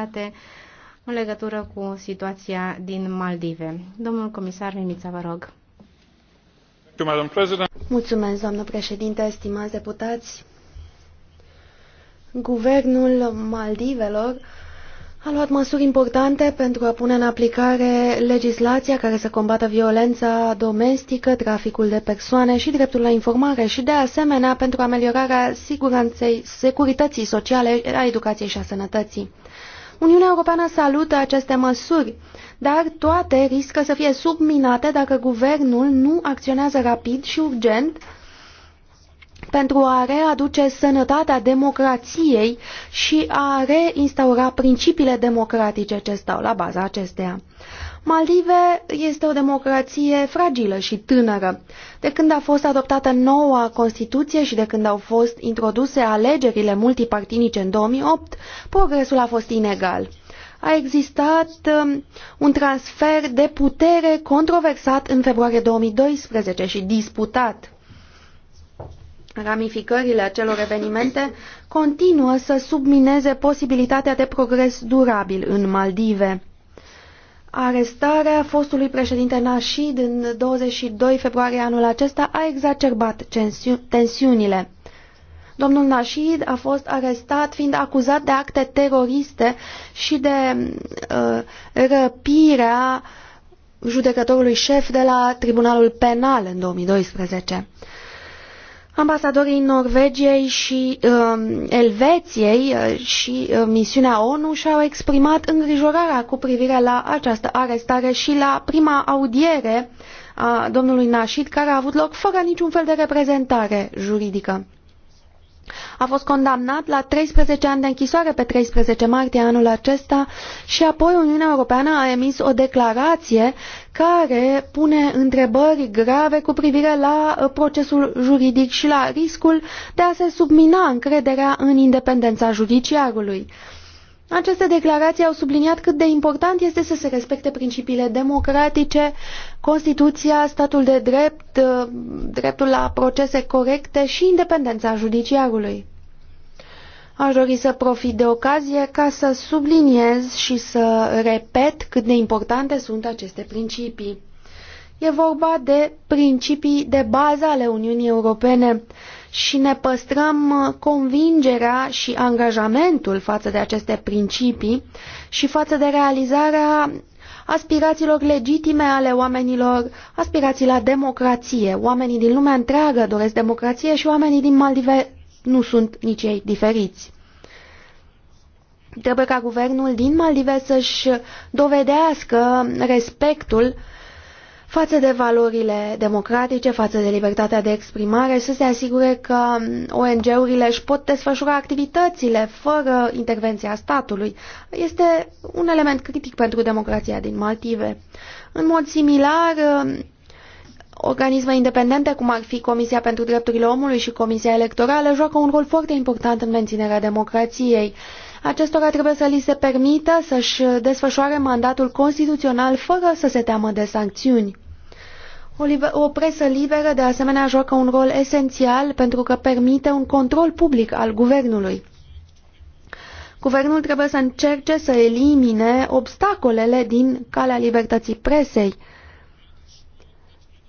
state în legătură cu situația din Maldive. Domnul comisar Mimița, vă rog. Mulțumesc, doamnă președinte, stimați deputați. Guvernul Maldivelor a luat măsuri importante pentru a pune în aplicare legislația care să combată violența domestică, traficul de persoane și dreptul la informare și, de asemenea, pentru ameliorarea siguranței, securității sociale, a educației și a sănătății. Uniunea Europeană salută aceste măsuri, dar toate riscă să fie subminate dacă guvernul nu acționează rapid și urgent pentru a readuce sănătatea democrației și a reinstaura principiile democratice ce stau la baza acesteia. Maldive este o democrație fragilă și tânără. De când a fost adoptată noua Constituție și de când au fost introduse alegerile multipartinice în 2008, progresul a fost inegal. A existat um, un transfer de putere controversat în februarie 2012 și disputat. Ramificările acelor evenimente continuă să submineze posibilitatea de progres durabil în Maldive. Arestarea fostului președinte Nasheed în 22 februarie anul acesta a exacerbat tensiunile. Domnul Nasheed a fost arestat fiind acuzat de acte teroriste și de uh, răpirea judecătorului șef de la Tribunalul Penal în 2012 ambasadorii Norvegiei și um, uh, Elveției și uh, misiunea ONU și-au exprimat îngrijorarea cu privire la această arestare și la prima audiere a domnului Nașid, care a avut loc fără niciun fel de reprezentare juridică a fost condamnat la 13 ani de închisoare pe 13 martie anul acesta și apoi Uniunea Europeană a emis o declarație care pune întrebări grave cu privire la uh, procesul juridic și la riscul de a se submina încrederea în independența judiciarului. Aceste declarații au subliniat cât de important este să se respecte principiile democratice, Constituția, statul de drept, uh, dreptul la procese corecte și independența judiciarului. Aș dori să profit de ocazie ca să subliniez și să repet cât de importante sunt aceste principii. E vorba de principii de bază ale Uniunii Europene și ne păstrăm uh, convingerea și angajamentul față de aceste principii și față de realizarea aspirațiilor legitime ale oamenilor, aspirații la democrație. Oamenii din lumea întreagă doresc democrație și oamenii din Maldive nu sunt nici ei diferiți. Trebuie ca guvernul din Maldive să-și dovedească respectul față de valorile democratice, față de libertatea de exprimare, să se asigure că ONG-urile își pot desfășura activitățile fără intervenția statului. Este un element critic pentru democrația din Maltive. În mod similar, organisme independente, cum ar fi Comisia pentru Drepturile Omului și Comisia Electorală, joacă un rol foarte important în menținerea democrației. Acestora trebuie să li se permită să-și desfășoare mandatul constituțional fără să se teamă de sancțiuni. O, liber, o presă liberă, de asemenea, joacă un rol esențial pentru că permite un control public al guvernului. Guvernul trebuie să încerce să elimine obstacolele din calea libertății presei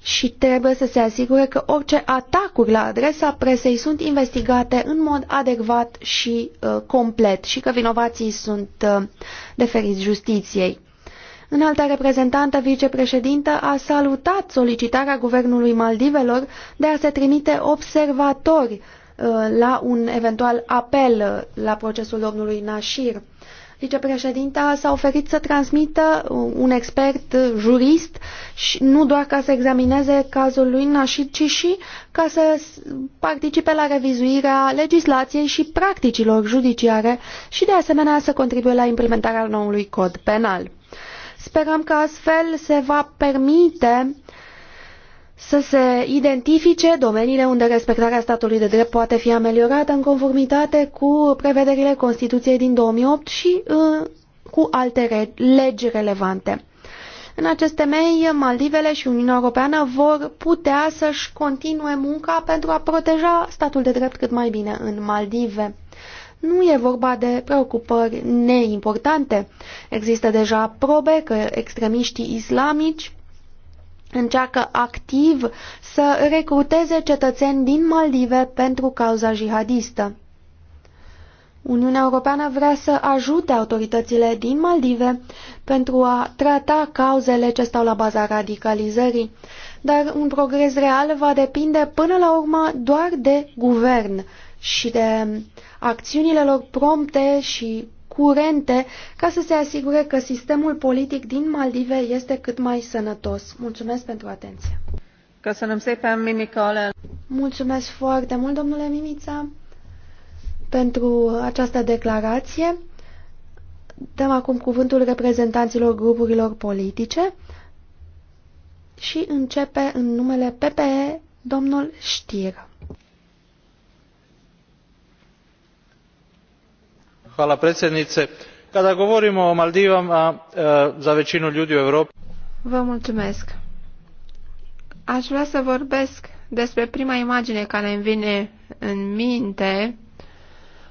și trebuie să se asigure că orice atacuri la adresa presei sunt investigate în mod adecvat și uh, complet și că vinovații sunt uh, deferiți justiției. alta reprezentantă vicepreședintă a salutat solicitarea guvernului Maldivelor de a se trimite observatori uh, la un eventual apel uh, la procesul domnului Nashir. Vicepreședinta s-a oferit să transmită un expert uh, jurist, și nu doar ca să examineze cazul lui Nașid, ci și ca să participe la revizuirea legislației și practicilor judiciare și de asemenea să contribuie la implementarea noului cod penal. Sperăm că astfel se va permite uh, să se identifice domeniile unde respectarea statului de drept poate fi ameliorată în conformitate cu prevederile Constituției din 2008 și uh, cu alte legi relevante. În acest temei, Maldivele și Uniunea Europeană vor putea să-și continue munca pentru a proteja statul de drept cât mai bine în Maldive. Nu e vorba de preocupări neimportante. Există deja probe că extremiștii islamici încearcă activ să recruteze cetățeni din Maldive pentru cauza jihadistă. Uniunea Europeană vrea să ajute autoritățile din Maldive pentru a trata cauzele ce stau la baza radicalizării, dar un progres real va depinde până la urmă doar de guvern și de acțiunile lor prompte și curente ca să se asigure că sistemul politic din Maldive este cât mai sănătos. Mulțumesc pentru atenție. să Mulțumesc foarte mult, domnule Mimița, pentru această declarație. Dăm acum cuvântul reprezentanților grupurilor politice și începe în numele PPE domnul Știră. gospođo predsjednice kada govorimo o maldivima za većinu ljudi u europi. aș vrea să vorbesc despre prima imagine care îmi vine în minte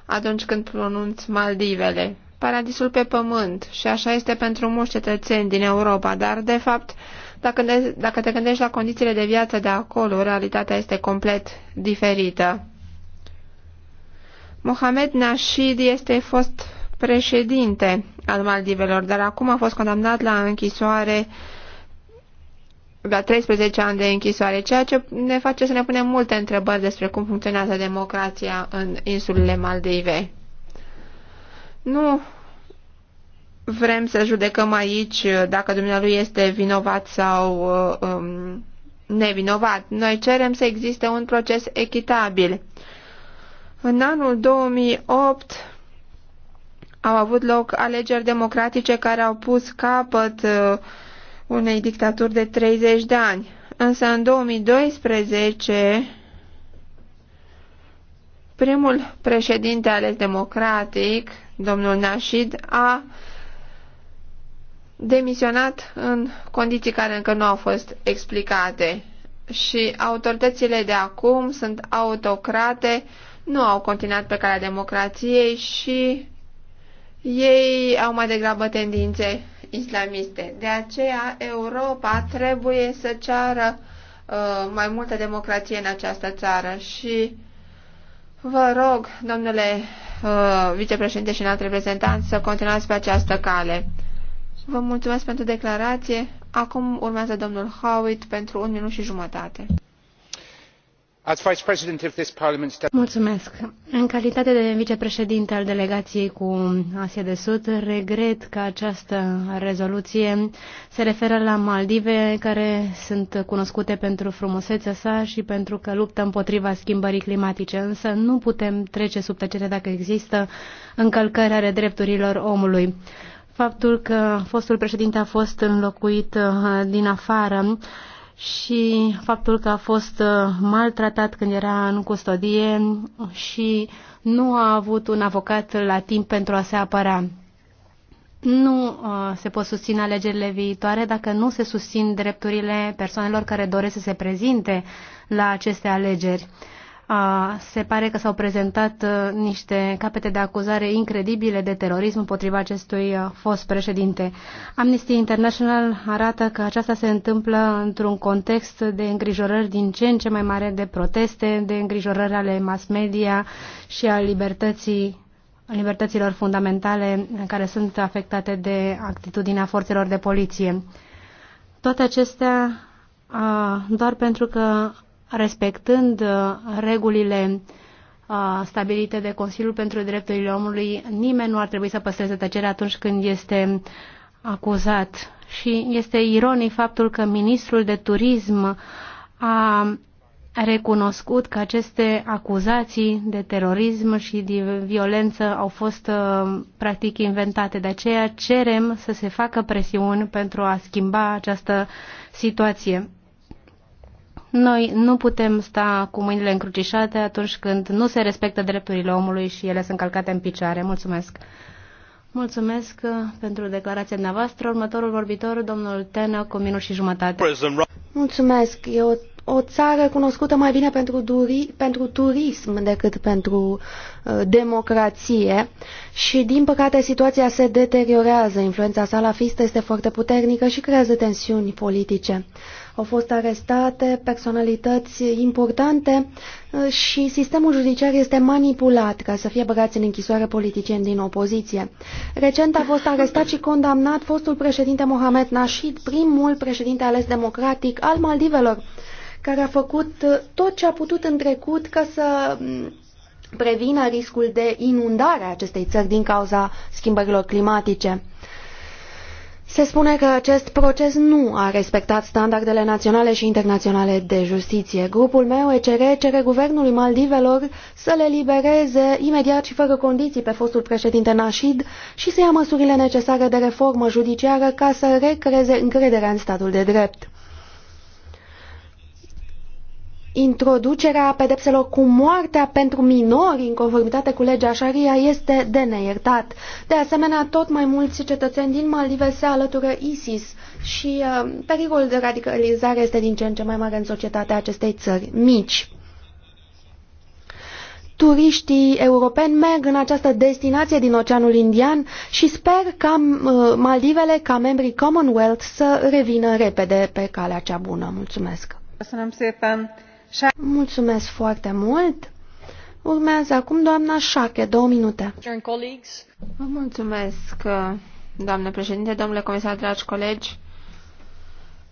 atunci când pronunț Maldivele. Paradisul pe pământ și așa este pentru mulți cetățeni din Europa, dar de fapt, dacă te gândești la condițiile de viață de acolo, realitatea este complet diferită. Mohamed Nasheed este fost președinte al Maldivelor, dar acum a fost condamnat la închisoare la 13 ani de închisoare, ceea ce ne face să ne punem multe întrebări despre cum funcționează democrația în insulele Maldive. Nu vrem să judecăm aici dacă dumnealui este vinovat sau uh, um, nevinovat. Noi cerem să existe un proces echitabil în anul 2008 au avut loc alegeri democratice care au pus capăt uh, unei dictaturi de 30 de ani. Însă în 2012 primul președinte ales democratic, domnul Nasid, a demisionat în condiții care încă nu au fost explicate și autoritățile de acum sunt autocrate, nu au continuat pe calea democrației și ei au mai degrabă tendințe islamiste. De aceea Europa trebuie să ceară uh, mai multă democrație în această țară și vă rog, domnule uh, vicepreședinte și înalt reprezentant, să continuați pe această cale. Vă mulțumesc pentru declarație. Acum urmează domnul Howitt pentru un minut și jumătate. Mulțumesc. în calitate de vicepreședinte al delegației cu asia de sud regret că această rezoluție se referă la maldive care sunt cunoscute pentru frumusețea sa și pentru că luptă împotriva schimbării climatice însă nu putem trece sub tăcere dacă există încălcări ale drepturilor omului faptul că fostul președinte a fost înlocuit uh, din afară și faptul că a fost uh, maltratat când era în custodie și nu a avut un avocat la timp pentru a se apăra. Nu uh, se pot susține alegerile viitoare dacă nu se susțin drepturile persoanelor care doresc să se prezinte la aceste alegeri. Uh, se pare că s-au prezentat uh, niște capete de acuzare incredibile de terorism împotriva acestui uh, fost președinte. Amnesty International arată că aceasta se întâmplă într-un context de îngrijorări din ce în ce mai mare de proteste, de îngrijorări ale mass media și a libertății libertăților fundamentale care sunt afectate de actitudinea forțelor de poliție. Toate acestea uh, doar pentru că respectând uh, regulile uh, stabilite de Consiliul pentru Drepturile Omului, nimeni nu ar trebui să păstreze tăcere atunci când este acuzat. Și este ironic faptul că ministrul de turism a recunoscut că aceste acuzații de terorism și de violență au fost uh, practic inventate. De aceea cerem să se facă presiuni pentru a schimba această situație. Noi nu putem sta cu mâinile încrucișate atunci când nu se respectă drepturile omului și ele sunt calcate în picioare. Mulțumesc! Mulțumesc uh, pentru declarația dumneavoastră. Următorul vorbitor, domnul Tenă, cu minut și jumătate. Mulțumesc! E o, o țară cunoscută mai bine pentru, duri, pentru turism decât pentru uh, democrație și, din păcate, situația se deteriorează. Influența salafistă este foarte puternică și creează tensiuni politice. Uh, au fost arestate personalități importante uh, și sistemul judiciar este manipulat ca să fie băgați în închisoare politicieni din opoziție. Recent a fost arestat și condamnat fostul președinte Mohamed Nasheed, primul președinte ales democratic al Maldivelor, care a făcut uh, tot ce a putut în trecut ca să mm, prevină riscul de inundare a acestei țări din cauza schimbărilor climatice. Se spune că acest proces nu a respectat standardele naționale și internaționale de justiție. Grupul meu ECR cere guvernului Maldivelor să le libereze imediat și fără condiții pe fostul președinte Nasheed și să ia măsurile necesare de reformă judiciară ca să recreeze încrederea în statul de drept. Introducerea pedepselor cu moartea pentru minori în conformitate cu legea Sharia este de neiertat. De asemenea, tot mai mulți cetățeni din Maldive se alătură ISIS și uh, pericolul de radicalizare este din ce în ce mai mare în societatea acestei țări mici. Turiștii europeni merg în această destinație din Oceanul Indian și sper ca uh, Maldivele, ca membrii Commonwealth, să revină repede pe calea cea bună. Mulțumesc! Mulțumesc Mulțumesc foarte mult. Urmează acum doamna Șache, două minute. Vă mulțumesc, doamnă președinte, domnule comisar, dragi colegi.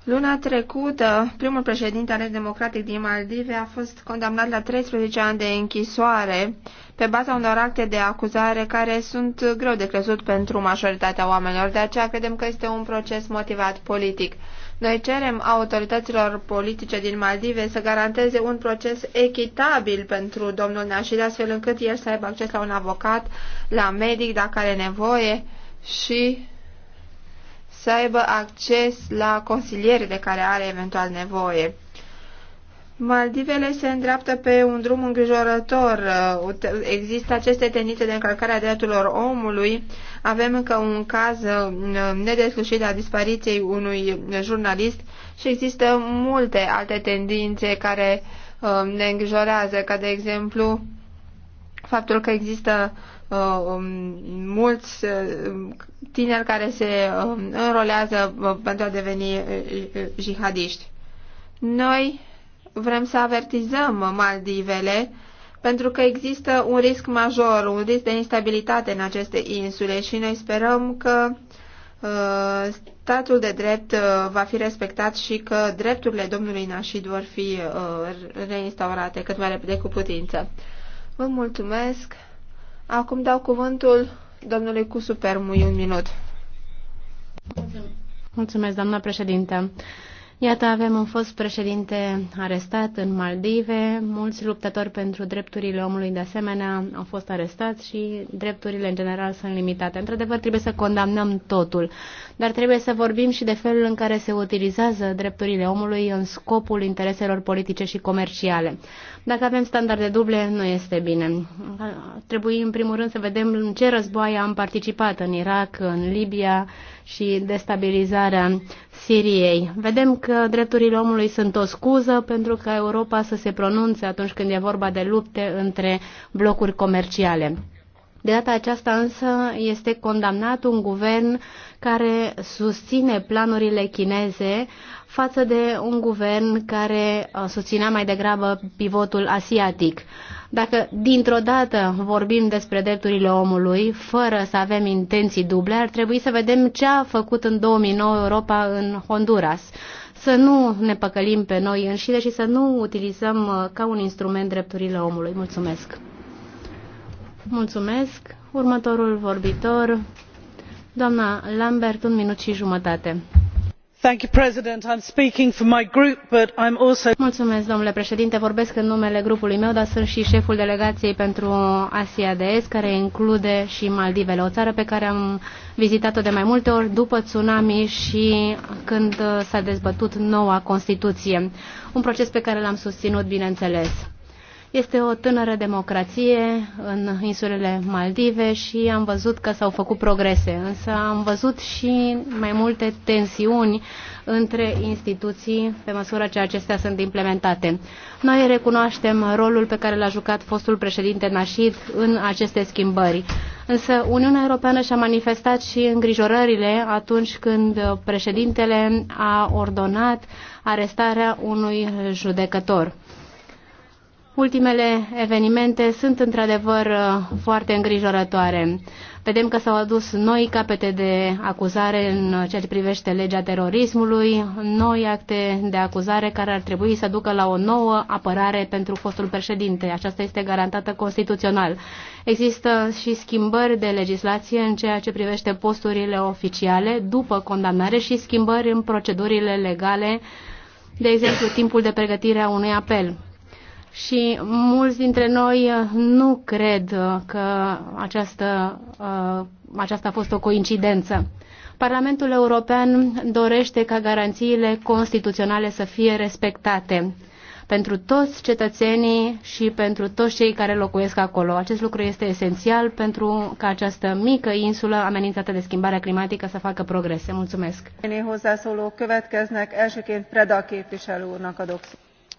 Luna trecută, primul președinte ales democratic din Maldive a fost condamnat la 13 ani de închisoare pe baza unor acte de acuzare care sunt greu de crezut pentru majoritatea oamenilor. De aceea credem că este un proces motivat politic. Noi cerem autorităților politice din Maldive să garanteze un proces echitabil pentru domnul Nașid, astfel încât el să aibă acces la un avocat, la medic dacă are nevoie și să aibă acces la consilieri de care are eventual nevoie. Maldivele se îndreaptă pe un drum îngrijorător. Uh, există aceste tendințe de încălcare a drepturilor omului. Avem încă un caz uh, nedeslușit a dispariției unui jurnalist și există multe alte tendințe care uh, ne îngrijorează, ca de exemplu faptul că există Uh, um, mulți uh, tineri care se um, înrolează uh, pentru a deveni jihadiști. Noi vrem să avertizăm Maldivele pentru că există un risc major, un risc de instabilitate în aceste insule și noi sperăm că statul de drept va fi respectat și că drepturile domnului Nașid vor fi reinstaurate cât mai repede cu putință. Vă mulțumesc! Acum dau cuvântul domnului Cusu Permui, un minut. Mulțumesc, doamna președintă. Iată, avem un fost președinte arestat în Maldive, mulți luptători pentru drepturile omului de asemenea au fost arestați și drepturile în general sunt limitate. Într-adevăr, trebuie să condamnăm totul, dar trebuie să vorbim și de felul în care se utilizează drepturile omului în scopul intereselor politice și comerciale. Dacă avem standarde duble, nu este bine. Trebuie, în primul rând, să vedem în ce războaie am participat în Irak, în Libia și destabilizarea Siriei. Vedem că drepturile omului sunt o scuză pentru ca Europa să se pronunțe atunci când e vorba de lupte între blocuri comerciale. De data aceasta însă este condamnat un guvern care susține planurile chineze față de un guvern care uh, susținea mai degrabă pivotul asiatic. Dacă dintr-o dată vorbim despre drepturile omului, fără să avem intenții duble, ar trebui să vedem ce a făcut în 2009 Europa în Honduras. Să nu ne păcălim pe noi înșine și să nu utilizăm uh, ca un instrument drepturile omului. Mulțumesc! Mulțumesc. Următorul vorbitor, doamna Lambert, un minut și jumătate. Thank you, President. I'm speaking for my group, but I'm also... Mulțumesc, domnule președinte. Vorbesc în numele grupului meu, dar sunt și șeful delegației pentru Asia de Est, care include și Maldivele, o țară pe care am vizitat-o de mai multe ori după tsunami și când s-a dezbătut noua Constituție. Un proces pe care l-am susținut, bineînțeles este o tânără democrație în insulele Maldive și am văzut că s-au făcut progrese, însă am văzut și mai multe tensiuni între instituții pe măsură ce acestea sunt implementate. Noi recunoaștem rolul pe care l-a jucat fostul președinte Nașid în aceste schimbări. Însă Uniunea Europeană și-a manifestat și îngrijorările atunci când președintele a ordonat arestarea unui judecător. Ultimele evenimente sunt într-adevăr uh, foarte îngrijorătoare. Vedem că s-au adus noi capete de acuzare în ceea ce privește legea terorismului, noi acte de acuzare care ar trebui să ducă la o nouă apărare pentru fostul președinte. Aceasta este garantată constituțional. Există și schimbări de legislație în ceea ce privește posturile oficiale după condamnare și schimbări în procedurile legale, de exemplu timpul de pregătire a unui apel și mulți dintre noi uh, nu cred uh, că această, uh, aceasta a fost o coincidență. Parlamentul European dorește ca garanțiile constituționale să fie respectate pentru toți cetățenii și pentru toți cei care locuiesc acolo. Acest lucru este esențial pentru ca această mică insulă amenințată de schimbarea climatică să facă progrese. Mulțumesc!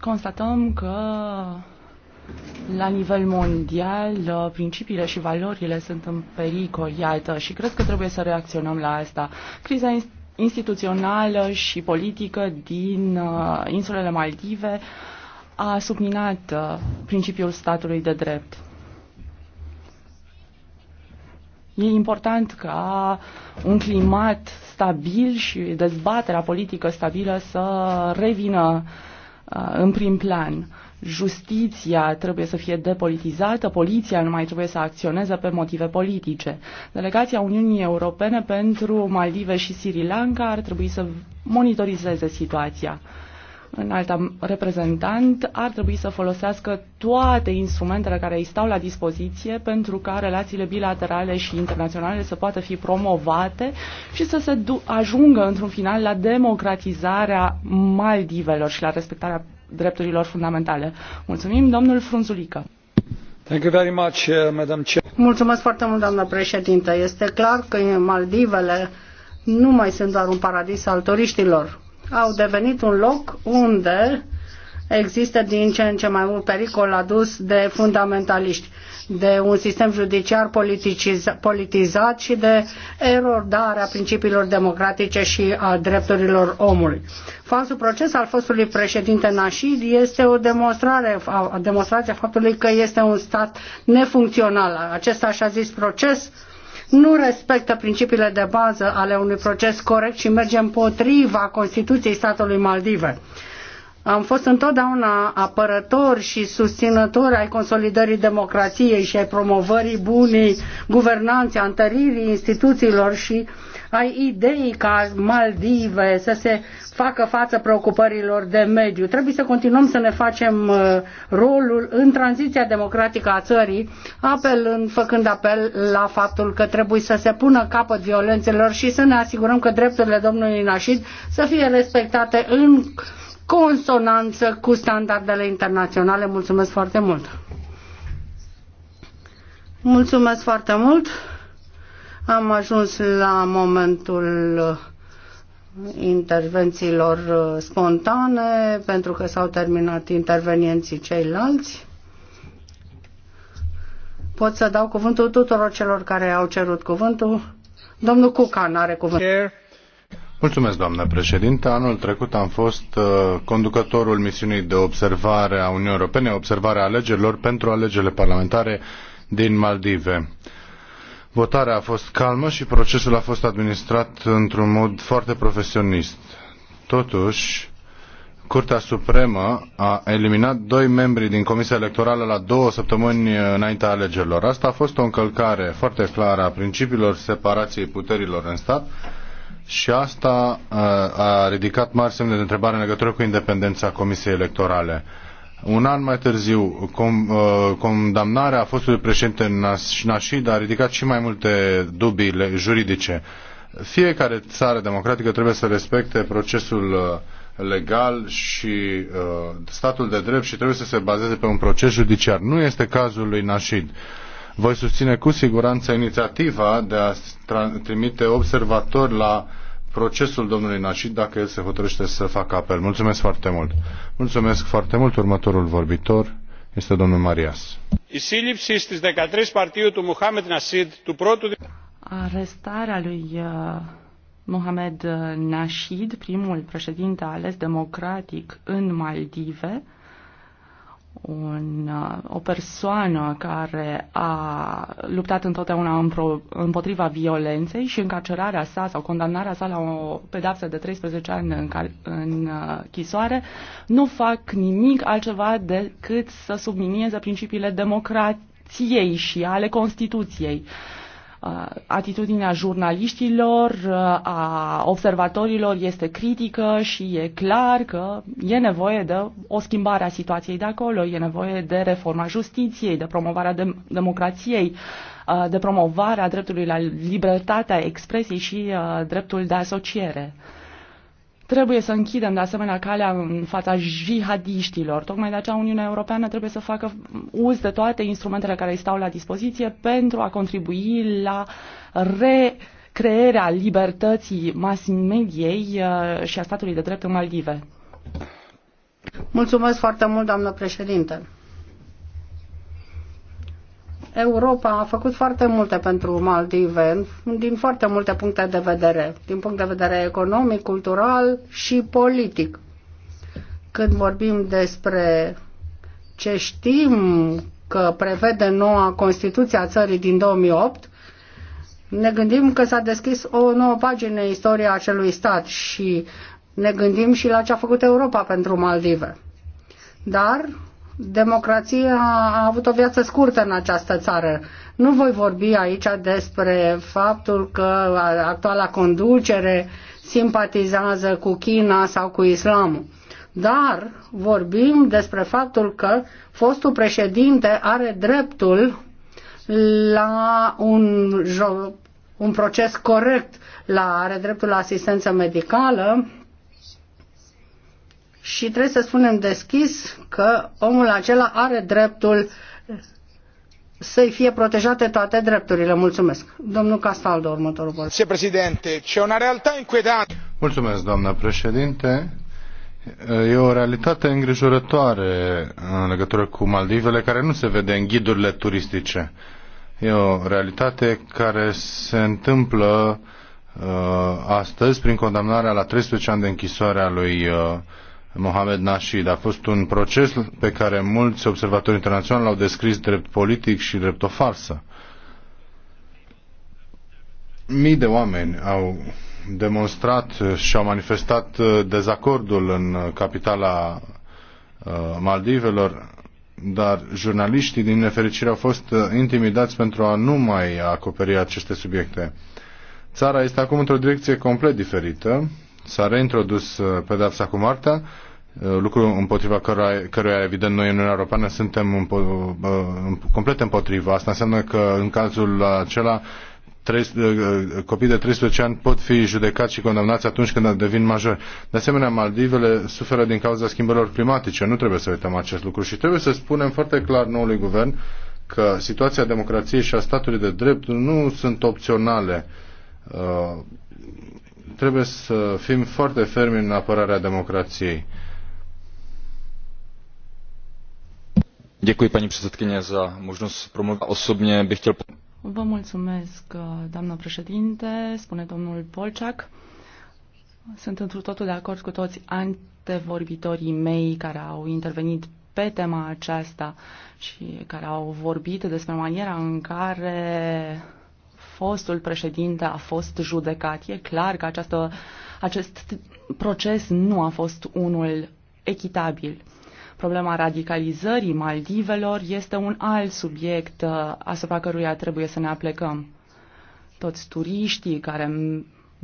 constatăm că la nivel mondial uh, principiile și valorile sunt în pericol, iată, și cred că trebuie să reacționăm la asta. Criza instituțională și politică din uh, insulele Maldive a subminat uh, principiul statului de drept. E important ca un climat stabil și dezbaterea politică stabilă să revină uh, în prim plan. Justiția trebuie să fie depolitizată, poliția nu mai trebuie să acționeze pe motive politice. Delegația Uniunii Europene pentru Maldive și Sri Lanka ar trebui să monitorizeze situația în alta reprezentant, ar trebui să folosească toate instrumentele care îi stau la dispoziție pentru ca relațiile bilaterale și internaționale să poată fi promovate și să se ajungă într-un final la democratizarea Maldivelor și la respectarea drepturilor fundamentale. Mulțumim, domnul Frunzulică. Thank you very much, uh, Madam Chair. Mulțumesc foarte mult, doamnă președintă. Este clar că Maldivele nu mai sunt doar un paradis al turiștilor au devenit un loc unde există din ce în ce mai mult pericol adus de fundamentaliști, de un sistem judiciar politizat și de erodarea principiilor democratice și a drepturilor omului. Falsul proces al fostului președinte Nașid este o demonstrare, o demonstrație a faptului că este un stat nefuncțional. Acest așa zis proces nu respectă principiile de bază ale unui proces corect și merge împotriva Constituției statului Maldive. Am fost întotdeauna apărători și susținători ai consolidării democrației și ai promovării bunei guvernanțe, a întăririi instituțiilor și uh, ai ideii ca Maldive să se facă față preocupărilor de mediu. Trebuie să continuăm să ne facem uh, rolul în tranziția democratică a țării, apelând, făcând apel la faptul că trebuie să se pună capăt violențelor și să ne asigurăm că drepturile domnului Nașid să fie respectate în consonanță cu standardele internaționale. Mulțumesc foarte mult! Mulțumesc foarte mult! Am ajuns la momentul uh, intervențiilor uh, spontane pentru că s-au terminat intervenienții ceilalți. Pot să dau cuvântul tuturor celor care au cerut cuvântul. Domnul Cucan are cuvântul. Mulțumesc, doamnă președinte. Anul trecut am fost uh, conducătorul misiunii de observare a Uniunii Europene, observarea alegerilor pentru alegerile parlamentare din Maldive. Votarea a fost calmă și procesul a fost administrat într-un mod foarte profesionist. Totuși, Curtea Supremă a eliminat doi membri din Comisia Electorală la două săptămâni înaintea alegerilor. Asta a fost o încălcare foarte clară a principiilor separației puterilor în stat și asta uh, a ridicat mari semne de întrebare în legătură cu independența Comisiei Electorale. Un an mai târziu, com, uh, condamnarea fostului președinte Nasheed a ridicat și mai multe dubii juridice. Fiecare țară democratică trebuie să respecte procesul uh, legal și uh, statul de drept și trebuie să se bazeze pe un proces judiciar. Nu este cazul lui Nasheed. Voi susține cu siguranță inițiativa de a trimite observatori la uh, procesul domnului Nașit dacă el se hotărăște să facă apel. Mulțumesc foarte mult. Mulțumesc foarte mult. Următorul vorbitor este domnul Marias. Arestarea lui uh, Mohamed Nașid, primul președinte ales democratic în Maldive, un, uh, o persoană care a luptat întotdeauna împotriva violenței și încarcerarea sa sau condamnarea sa la o pedapsă de 13 ani în, în uh, chisoare, nu fac nimic altceva decât să sublinieze principiile democrației și ale Constituției. Uh, Uh, atitudinea jurnaliștilor, uh, a observatorilor este critică și e clar că e nevoie de o schimbare a situației de acolo, e nevoie de reforma justiției, de promovarea de- democrației, uh, de promovarea dreptului la libertatea expresiei și dreptul de asociere. Trebuie să închidem de asemenea calea în fața jihadiștilor. Tocmai de aceea Uniunea Europeană trebuie să facă uz de toate instrumentele care îi stau la dispoziție pentru a contribui la recrearea libertății mass mediei uh, și a statului de drept în Maldive. Mulțumesc foarte mult, doamnă președinte. Europa a făcut foarte multe pentru Maldive, din foarte multe puncte de vedere, din punct de vedere economic, cultural și politic. Când vorbim despre ce știm că prevede noua Constituție a țării din 2008, ne gândim că s-a deschis o nouă pagină în istoria acelui stat și ne gândim și la ce a făcut Europa pentru Maldive. Dar democrația a avut o viață scurtă în această țară. Nu voi vorbi aici despre faptul că actuala conducere simpatizează cu China sau cu islamul. Dar vorbim despre faptul că fostul președinte are dreptul la un, un proces corect, la, are dreptul la asistență medicală, și trebuie să spunem deschis că omul acela are dreptul să-i fie protejate toate drepturile. Mulțumesc. Domnul Castaldo, următorul vorbă. Se președinte, ce una realitate inquietantă. Mulțumesc, doamnă președinte. E o realitate îngrijorătoare în legătură cu Maldivele care nu se vede în ghidurile turistice. E o realitate care se întâmplă uh, astăzi prin condamnarea la 13 ani de închisoare a lui uh, Mohamed Nasheed. A fost un proces pe care mulți observatori internaționali l-au descris drept politic și drept o farsă. Mii de oameni au demonstrat și au manifestat dezacordul în capitala uh, Maldivelor, dar jurnaliștii, din nefericire, au fost uh, intimidați pentru a nu mai acoperi aceste subiecte. Țara este acum într-o direcție complet diferită S-a reintrodus uh, pedapsa cu moartea, uh, lucru împotriva căruia, căruia evident noi în Uniunea Europeană suntem împo, uh, complet împotriva. Asta înseamnă că în cazul acela copii de 13 ani pot fi judecați și condamnați atunci când devin majori. De asemenea, Maldivele suferă din cauza schimbărilor climatice. Nu trebuie să uităm acest lucru și trebuie să spunem foarte clar noului guvern că situația democrației și a statului de drept nu sunt opționale trebuie să fim foarte fermi în apărarea democrației. Děkuji paní předsedkyně za možnost promluvit. Osobně bych chtěl... Vă mulțumesc, doamnă președinte, spune domnul Polciac. Sunt într totul de acord cu toți antevorbitorii mei care au intervenit pe tema aceasta și care au vorbit despre maniera în care fostul președinte a fost judecat. E clar că această, acest proces nu a fost unul echitabil. Problema radicalizării Maldivelor este un alt subiect uh, asupra căruia trebuie să ne aplecăm. Toți turiștii care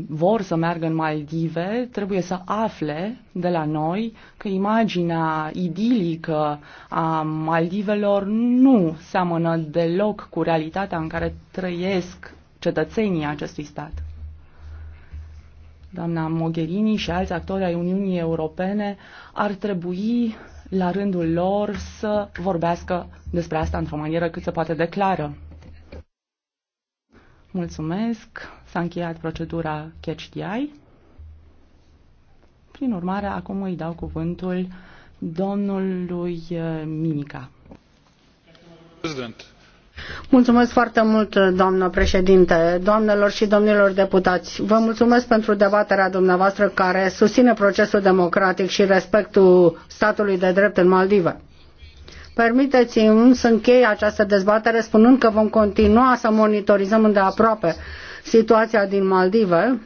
vor să meargă în Maldive trebuie să afle de la noi că imaginea idilică a Maldivelor nu seamănă deloc cu realitatea în care trăiesc cetățenii acestui stat. Doamna Mogherini și alți actori ai Uniunii Europene ar trebui la rândul lor să vorbească despre asta într-o manieră cât se poate declară. Mulțumesc. S-a încheiat procedura CatchDI. Prin urmare, acum îi dau cuvântul domnului Minica. Mulțumesc foarte mult, doamnă președinte, doamnelor și domnilor deputați. Vă mulțumesc pentru dezbaterea dumneavoastră care susține procesul democratic și respectul statului de drept în Maldive. Permiteți-mi să închei această dezbatere spunând că vom continua să monitorizăm îndeaproape situația din Maldive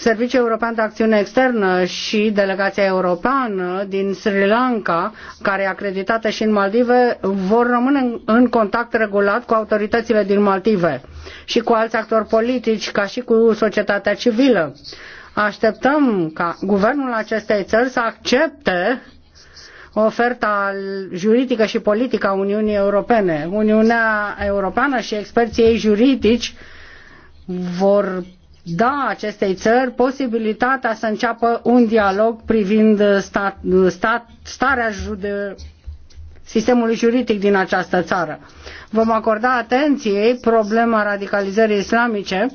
Serviciul European de Acțiune Externă și Delegația Europeană din Sri Lanka, care e acreditată și în Maldive, vor rămâne în contact regulat cu autoritățile din Maldive și cu alți actori politici, ca și cu societatea civilă. Așteptăm ca guvernul acestei țări să accepte oferta juridică și politică a Uniunii Europene. Uniunea Europeană și experții ei juridici vor da acestei țări posibilitatea să înceapă un dialog privind stat, stat, starea jude, sistemului juridic din această țară. Vom acorda atenție problema radicalizării islamice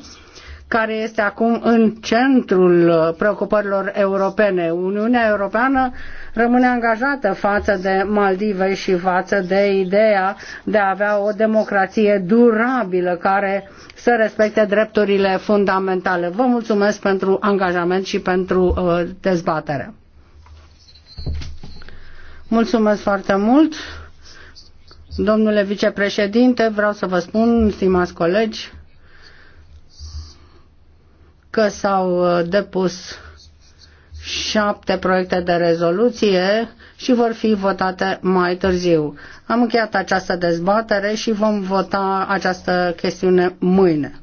care este acum în centrul uh, preocupărilor europene. Uniunea Europeană rămâne angajată față de Maldive și față de ideea de a avea o democrație durabilă care să respecte drepturile fundamentale. Vă mulțumesc pentru angajament și pentru uh, dezbatere. Mulțumesc foarte mult. Domnule vicepreședinte, vreau să vă spun, stimați colegi, că s-au uh, depus șapte proiecte de rezoluție și vor fi votate mai târziu. Am încheiat această dezbatere și vom vota această chestiune mâine.